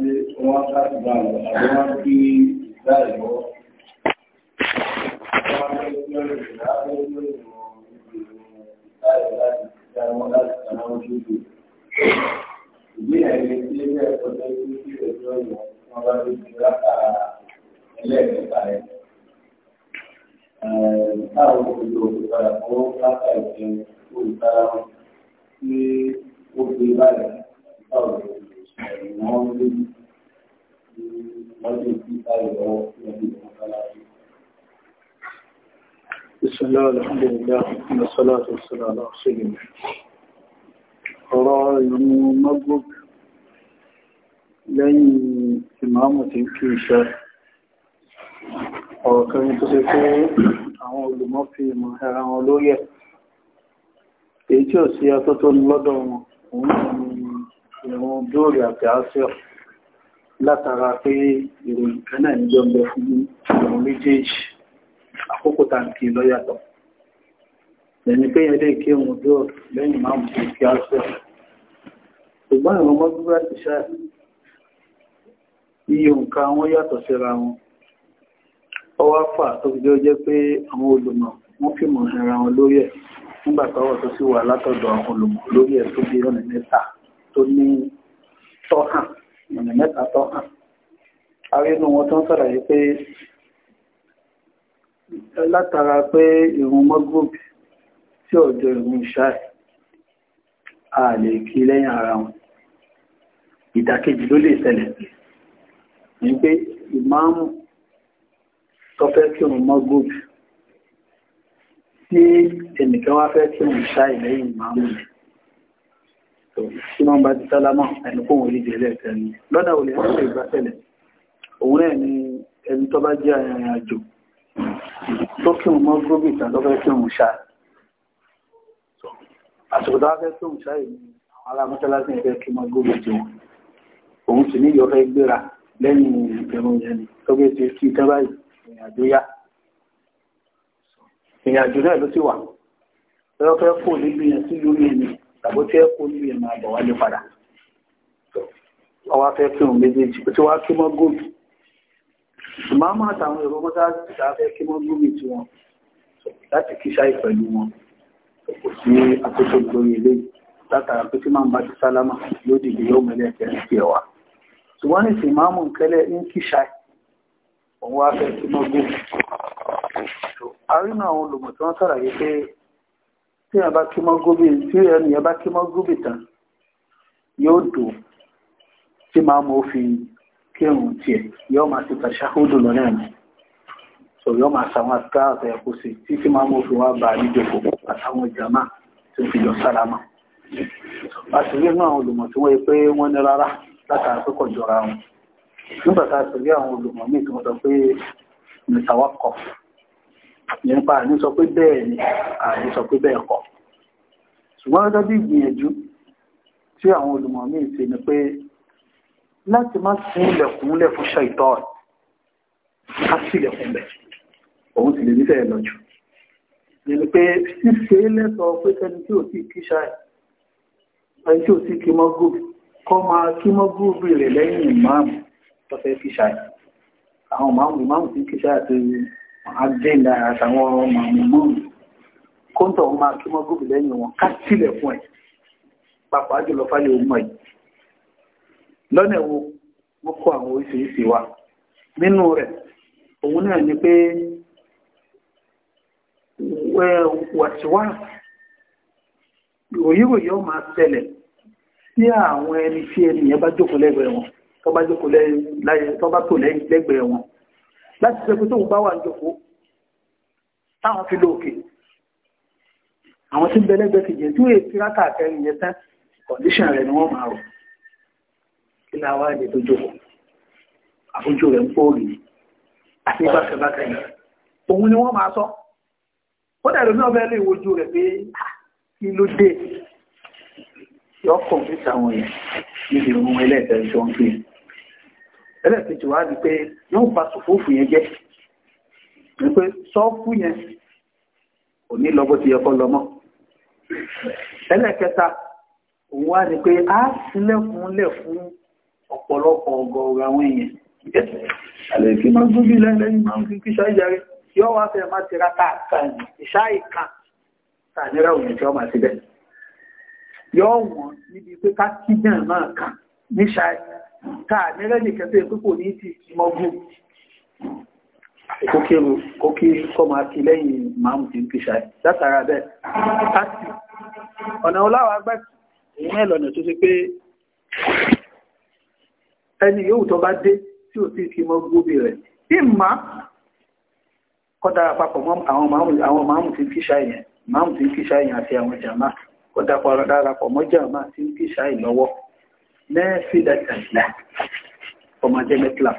sí wọ́n láti bá lọ àbí wọ́n fi dá ìwọ́. Ìgbé ẹ̀rí tí ilé ẹ̀kọ́ tó kú sí ẹ̀jọ́ ìwọ̀n wọn bá ti fi rákà ẹlẹ́ẹ̀kẹta rẹ̀. Táwọn olùdó olùpadà fún rákà ìṣẹ́ olùtara wọn tí ó fi báyìí táwọn olùdó. المولد بسم الله الحمد لله والصلاة والسلام على رسول الله قرائن مبروك لين إمامة كيشة وكان تسيكون àwọn olùmọ́ fi ìmọ̀ ẹran olóyẹ̀ èyí tí ò sí atọ́tọ́ lọ́dọ̀ wọn òun ni ìrun dóòrè àti àṣẹ látara pé ìròyìn kan náà ní jọmọ fún ìrun méjèèjì àkókò tàǹkì lọ́yàtọ̀ lẹ́ni pé ẹlẹ́ ìké ìrun dóòrè lẹ́yìn máa mú ìkí àṣẹ ṣùgbọ́n ìrun mọ́gbúrá ti ṣáà iye nǹkan wọn yàtọ̀ síra wọn ọwá fà tó fi jẹ́ pé àwọn olùmọ̀ wọ́n fi mọ̀ ẹ̀ra wọn lórí ẹ̀ nígbàtàwọ̀ tó sì wà látọ̀dọ̀ àwọn olùmọ̀ lórí ẹ̀ tó bí ọ̀nà mẹ́ta tó ní tọ́hàn ọ̀nà mẹ́ta tọ́hàn arínú wọn tó ń sàlàyé pé látara pé ìrun mọ́gúrùbì tí ọjọ́ ìrun ìṣáì a lè kí lẹ́yìn ara wọn ìdàkejì ló lè ṣẹlẹ̀ ní pé ìmáàmù tó fẹ́ kí òun mọ́gúrùbì tí ẹnìkan wá fẹ́ kí òun ìṣáì lẹ́yìn ìmáàmù rẹ̀ tí wọ́n bá ti sálámà ẹni kó wọ́n lè jẹ́ lẹ́ẹ̀kẹ́ ni lọ́dà olè ẹ̀sùn ìgbà tẹ̀lẹ̀ òun náà ni ẹni tó bá jẹ́ arìnrìn àjò tó kí wọn mọ́ gómìn ìtàn lọ́fẹ́ kí wọn ṣá àsìkò tó wá fẹ́ kí wọn ṣá yìí ni àwọn ará mọ́ṣáláṣí ń fẹ́ kí wọn gómìn jẹ wọn òun sì ní ìyọ̀fẹ́ gbéra lẹ́yìn ìgbẹ̀rún yẹn ni tó gbé ti kí tán báyìí ìrìn yá ìrìn náà ló sì wà lọ́fẹ́ kò níbi yẹn sí lórí ẹni tàbó tí ẹ kó nílé máa bọ̀ wálé padà ọwá fẹ́ kí òun méjèèjì ó ti wá kí mọ́ gómìnà ìmáàmù àtàwọn èrò mọ́sáàsì tá a fẹ́ kí mọ́ gómìnà tí wọn láti kí ṣáì pẹ̀lú wọn kò sí àkóso lórí eléyìí látara pé tí máa ń bá ti sálámà yóò dìde yóò mẹ́lẹ̀ kẹrin sí ẹwà ṣùgbọ́n ní ti máàmù nkẹ́lẹ́ ń kí ṣáì òun wá fẹ́ kí mọ́ gómìnà àrínà àwọn olùmọ̀ tí wọ́n sàlàyé pé tí ẹ bá kí mọ́ gómìn tí ẹni ẹ bá kí mọ́ gómìn tán yóò dùn tí máa mọ́ fi kírun tiẹ̀ yóò máa ti tàṣà hódò lọ náà ni so yóò máa sàwọn àtàwọn ẹ̀kọ́ sí tí tí máa mọ́ fi wá bá nídòkò àtàwọn jàmá tí ó fi yọ sálámà àṣírí náà àwọn olùmọ̀ tí wọ́n yẹ pé wọ́n ní rárá látara pé jọra wọn nígbà tá a sì rí àwọn olùmọ̀ míì tí wọ́n sọ pé nìtàwọ́kọ̀ nípa àní sọ pé bẹ́ẹ̀ ni àní sọ pé bẹ́ẹ̀ kọ́ ṣùgbọ́n gẹ́gẹ́ bí ìgbìyànjú tí àwọn olùmọ̀ míì ṣe ni pé láti má sí ilẹ̀kùnlẹ̀ fún ṣàìtọ́ ká sí ilẹ̀kùnlẹ̀ òun sì lè nífẹ̀ẹ́ lọ jù ni pé ṣíṣe lẹ́sọ̀ pé ẹni tí ò sí kí ṣáì ẹni tí ò sí kí mọ́ gúrù kọ́ máa kí mọ́ gúrù rẹ̀ lẹ́yìn ìmáàmù tó kí ṣáì àwọn ìmáàmù ìmáàmù sí kí ṣáì àdéhìnà àtàwọn ọmọ àmúgbò kóńtọ̀ ọmọ akímọ́ gómìnà lẹ́yìn wọn ká sílẹ̀ fún ẹ̀ pàpà jùlọ fálẹ̀ ọmọ yìí lọ́nà ẹ̀wọ̀n mo kó àwọn oríṣiríṣi wa nínú rẹ̀ òun náà ni pé wàtíwáàsì ròyìnròyìn ó máa ṣẹlẹ̀ sí àwọn ẹni tí ẹni yẹn bá jókòó lẹ́gbẹ̀ẹ́ wọn tó bá jókòó lẹ́gbẹ̀ẹ́ wọn láti ṣẹ́kù tó ń bá wà ń jòkó táwọn fi lóòkè àwọn tí ń bẹ lẹ́gbẹ̀ẹ́ kejì tí wọ́n ti rákà kẹrin yẹn tán kọ̀díṣàn rẹ̀ ni wọ́n máa rọ̀ kí láwa ẹ̀dẹ̀ tó jòkó àbójú rẹ̀ ń pòòrì àti bákẹ́bákẹ́ yẹn òun ni wọ́n máa sọ ó dàbí náà fẹ́ lè wojú rẹ̀ pé ah, kí ló dé yọ kọ̀ǹpútà wọn yẹn níbi ìrún ẹlẹ́ẹ̀kẹrin tó ń pè é ẹlẹ́ẹ̀kejì wá di pé yóò bá sòfófù yẹn jẹ́ wípé sọ́ọ̀fù yẹn ò ní lọ́gbọ́ ti yẹ kọ́ lọ́mọ́ ẹlẹ́ẹ̀kẹta òun wá ni pé a sílẹ̀kùnlẹ̀ fún ọ̀pọ̀lọpọ̀ ọgọ́rọ̀ àwọn èèyàn àlèkí máa gún bí lẹ́yìn máa ń fi kíṣà ìjàre yọ́ wá fẹ́ máa tira káàkiri ìṣá ìka tàníra òun tí ó máa ti níbi pé ká kíjàn náà kà níṣà káàmìrẹ́ nìkan tó ìpípò ní ti mọ́gún kókèrò kókè kọmọ àti lẹ́yìn máàmù tí ń fi ṣáì látara bẹ́ẹ̀ láti ọ̀nà oláwà agbẹ́sì ìwọ̀n ẹ̀lọ́nà tó ṣe pé ẹni yóò tó bá dé tí ò sí fi mọ́gún bí rẹ̀ tí mà kọ́dà papọ̀ mọ́ àwọn máàmù tí ń fi ṣáì yẹn máàmù tí ń fi ṣáì yẹn àti àwọn jàmá kọ́dà papọ̀ mọ́ jàmá tí ń fi ṣáì lọ́wọ́ nafilatan lahu ọmọdé mẹ́fìlà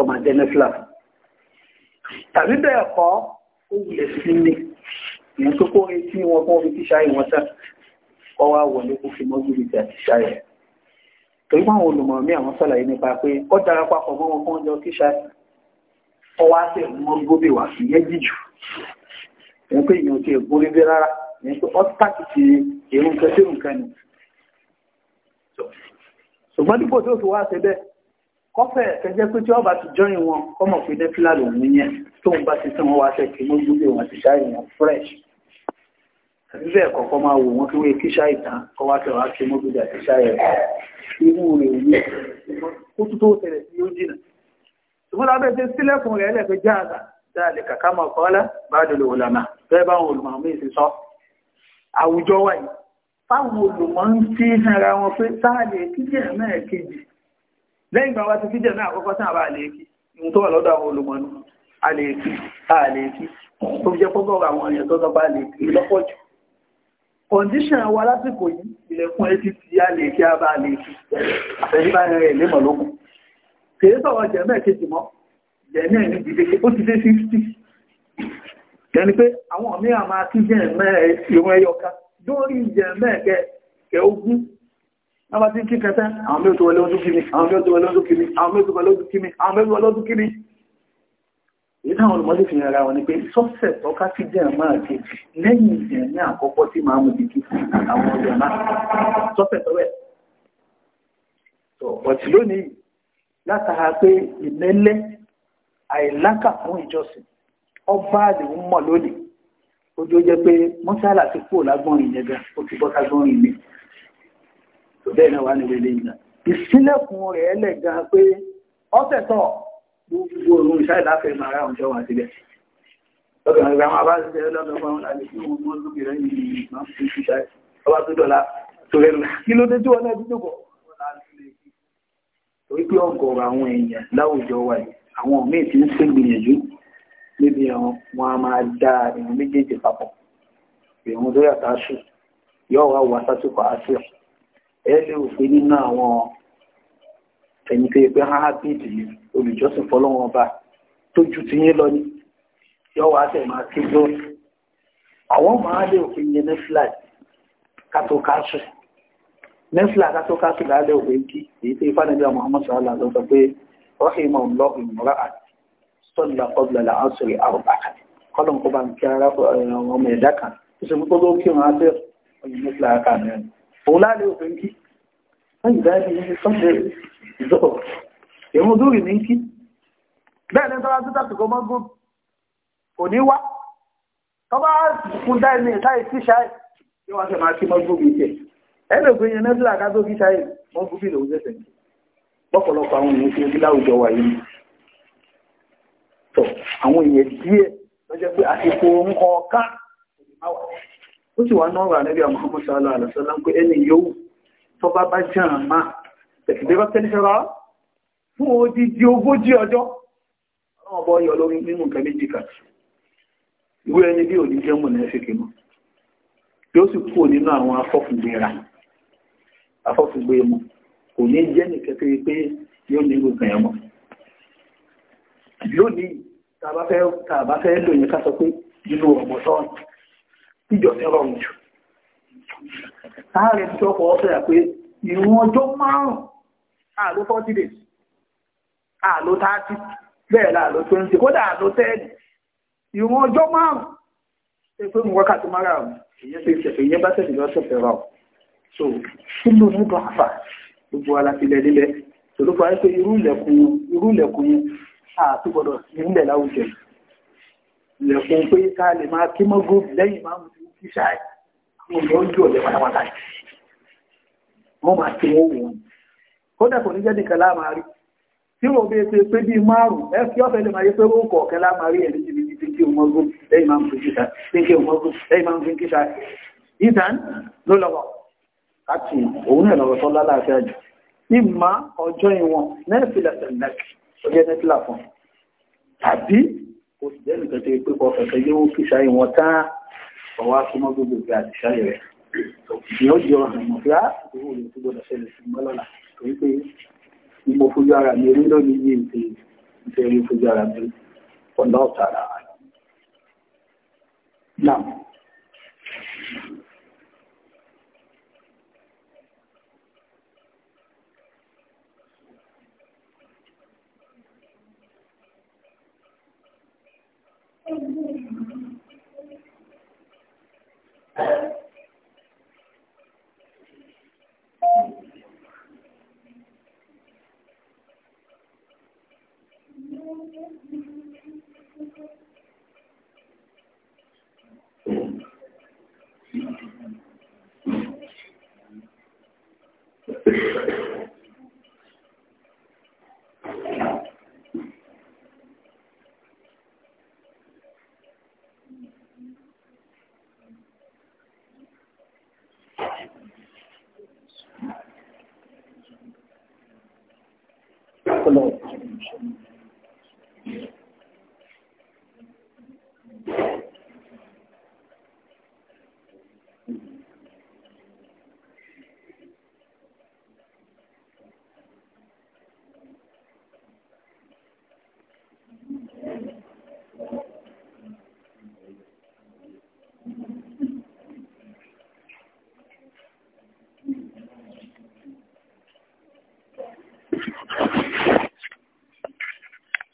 ọmọdé mẹ́fìlà tàbí bẹ́ẹ̀ kọ́ ó wulẹ̀ sí ní ìyẹn tó kó retí wọn fún omi tíṣà ìwọ̀n tán kọ́ wá wọlé kó fi mọ́jú ìjà tíṣà rẹ̀ torí wọn olùmọ̀ mi àwọn sọ̀làyé nípa pé ó dára papọ̀ mọ́ wọn fún ọjọ́ tíṣà ọwọ́ á sì mọ́ gómìnà wà sí yẹn jíjù ìyẹn pé ìyẹn ò ti ègbórí bí rárá ìyẹn pé ọ́ pàtìkì èrò sí ṣùgbọ́n dípò tí ó fi wá ṣe bẹ́ẹ̀ kọ́fẹ́ kẹjẹ́ pé tí wọ́n bá ti jọyìn wọn kọ́mọ̀ pé nẹ́fílà lòun yẹn tóun bá ti tán wọn wá ṣe kí mọ́ gbúgbé wọn ti ṣáà yẹn fresh bíbẹ̀ kọ̀ọ̀kan máa wò wọ́n kí wọ́n kí ṣáà ìtàn kọ́ wá tẹ̀wá kí mọ́ gbúgbé àti ṣáà yẹn irú rẹ̀ òní kó tó tó tẹ̀lẹ̀ sí yóò jìnà ṣùgbọ́n lábẹ́ ṣe sílẹ̀kùn rẹ̀ lẹ́fẹ̀ẹ́ jáàdà dáàlì kàkà mọ̀ kọ́lá bá dòlò òlànà bẹ́ẹ̀ báwọn olùmọ̀ fáwọn olùmọ̀ ń fi ara wọn pé sáàlì kíjẹ̀ náà kejì lẹ́yìn ìgbà wa ti kíjẹ̀ náà àkọ́kọ́ sáà bá àlèkí ìhun tó wà lọ́dọ̀ àwọn olùmọ̀ nù àlèkí àlèkí tó fi jẹ́ pọ́gọ́ àwọn èèyàn tó sọpá àlèkí lọ́pọ̀ jù kọ̀ǹdíṣàn wa lásìkò yìí ilẹ̀kùn ẹ ti ti àlèkí àbá àlèkí àtẹ̀yìnbá rẹ̀ lẹ́mọ̀ lókun kìí sọ̀rọ̀ jẹ̀mẹ́ kejì mọ́ jẹ̀mẹ́ ní gbìdéke ó ti dé 50 yẹni pé àwọn mìíràn máa kí jẹ̀mẹ́ ìrún ẹyọkan dórí ìjẹ̀ mẹ́ẹ̀kẹ́ kẹ ogún náà ti kí kẹta àwọn mẹ́tò wọlé ọdún kìíní àwọn mẹ́tò wọlé ọdún kìíní àwọn mẹ́tò wọlé ọdún kìíní àwọn mẹ́tò wọlé ọdún kìíní èyí táwọn olùmọ́lé fi ara wọn ni pé sọ́fẹ̀ tọ́ká sí jẹ́ máa ti lẹ́yìn ìjẹ̀ ní àkọ́kọ́ tí máa mú ti kí àwọn ọjọ́ náà sọ́fẹ̀ tọ́wẹ̀ ọ̀tí lónìí látara pé ìmẹ́lẹ́ àìlákà fún ìjọsìn ọba àdìmọ́ lónìí ojú jẹ́ pé mọ́ṣálà ti kúrò lágbọ́nrin yẹn gan ó ti bọ́ ságbọ́nrin mi tó bẹ́ẹ̀ náà wà nílé lẹ́yìn náà ìsílẹ̀kùn rẹ̀ ẹlẹ̀ gan pé ọ̀sẹ̀ tọ̀ gbogbo òun ìṣáì láfẹ́ máa ra òǹjọ́ wà síbẹ̀ lọ́dọ̀ àwọn ìgbàmọ́ abá ṣiṣẹ́ lọ́dọ̀ fún àwọn àlejò wọn mọ́ lókè rẹ̀ yìí máa ń fi ṣiṣẹ́ ọba tó dọ̀la tó rẹ̀ lọ kí ló dé tí wọn náà dídò bọ̀ torí pé ọ̀gọ̀ọ̀rọ̀ àwọn èèyàn láwùjọ wa yìí àwọn míì ti ń ṣègbìyànjú níbi ẹ̀rùn wọn a máa dá ẹ̀rùn méjèèjì papọ̀ ẹ̀rùn lórí àtàṣù yóò wá wà sásìkò àṣù ẹ lè rò pé nínú àwọn ẹ̀yìn tó yẹ pé háhá bíìdì ni olùjọ́sìn fọlọ́wọn ọba tó ju ti yín lọ ni yóò wá sẹ̀ máa ké lórí àwọn máa lè rò pé yẹn nẹ́fìlà kátó káṣù nẹ́fìlà kátó káṣù lálẹ́ òwe kí èyí tó ifá nàìjíríà Muhammad sallallahu alaihi wa sallam sọ pé rọ́ọ̀kì mọ̀ ọ̀lọ́ ìmọ̀ràn àti sọ́lá kọ́bùlà làásùrì àrùbákà kọ́lọ̀ kó bá ń kí ara ọmọ ẹ̀dá kan tó sì kó ló kí wọn á bẹ̀rẹ̀ ọyìn mẹ́fìlà ká mẹ́rin òun láàrin òfin kí wọ́n yìí dájú ní sọ́ọ̀dẹ̀ ìzọ́ ìrún dúrì ní kí bẹ́ẹ̀ ni tọ́lá títà tó kọ́mọ́ gùn kò ní wá tọ́ba fún dáì ní ìsáyè sí ṣáì yóò wá sẹ́ máa kí mọ́gbó mi tẹ̀ ẹ lè gbé yẹn ṣáì mọ́gbó mi lòún tẹ̀sẹ̀ bọ́pọ̀lọpọ̀ àwọn èèyàn tí ó bí láwùjọ wà yìí àwọn èèyàn díẹ̀ lọ́jọ́ pé àsìkò òun kọ̀ọ̀kan ó sì wá náà rà níbi àwọn ọmọ sọ́lá àlọ́sọ́lá pé ẹni yóò tó bá bá jẹ́ àmà tẹ̀sìdẹ́rọ́ tẹ́lifẹ́ra fún odidi ogójì ọjọ́ ọ̀bọ̀ yọ lórí nínú nǹkan méjì kàtì ìwé ẹni bí òní jẹ́ mọ̀nà ẹ́fẹ́kẹ́ mọ̀ yóò sì kúrò nínú àwọn afọ́fùgbéra afọ́fùgbé mọ̀ kò ní jẹ́ nìkẹ́kẹ́ pé yóò ní gbogbo ẹ̀mọ́ lónìí tàbá fẹ́ lò yẹn ká sọ pé inú ọ̀mọ̀tọ́n ìjọ ní rọrùn jù láàrin tó fọ́ ọ́sẹ̀ pé ìwọ̀n ọjọ́ márùn-ún àlò 40 days àlò 30 bẹ́ẹ̀ láàlò 20 kódà àlò 10 ìwọ̀n ọjọ́ márùn-ún ṣe pé mú wákàtí mara ọ̀hún èyẹ́ ṣe ṣẹ̀fẹ̀ ìyẹ́ bá ṣẹ̀fẹ̀ lọ́sẹ̀ fẹ́ra ọ̀ so kí ló ní bọ̀ àfà gbogbo aláfilẹ̀ nílẹ̀ tòlúfà ẹ́ pé irú ilẹ̀kùn irú ilẹ̀kùn àtúgbọ̀dọ̀ sí ilẹ̀ láwùjọ lẹ̀kùn pé ká lè máa kí mọ́ gúrùpù lẹ́yìn máa mú ti kí ṣáà àwọn ọmọ ojú ọ̀lẹ́ pátápátá wọ́n máa ti wọ́n wọ́n kódà kò ní jẹ́ nìkan láàmà rí tí wọ́n bí pé pé bí márùn ẹ fi ọ́fẹ́ lè máa yé pé ó kọ̀ọ̀kẹ́ láàmà rí ẹ̀rí jìbì ní tí ọmọ gúrùpù lẹ́yìn máa ń fi kíṣà ìtàn ló lọ́wọ́ láti òun náà ó jẹ́ nẹ́fìlà fún tàbí ó sì jẹ́ nìkan tó yẹ pé kọfẹ̀ tó yẹ ó fi ṣáyé wọn tán ọwọ́ akímọ́ gbogbo ìgbà àti ṣáyé rẹ̀ ni ó jẹ́ ọ̀nà mọ̀ fíà ah, owó rẹ̀ tó gbọdọ̀ ṣẹlẹ̀ sí mọ́lọ́lá torí pé ni mo fojú ara mi rí lónìí ní ìpè ìfẹ́ rí fojú ara mi ọ̀nà Thank you. kullum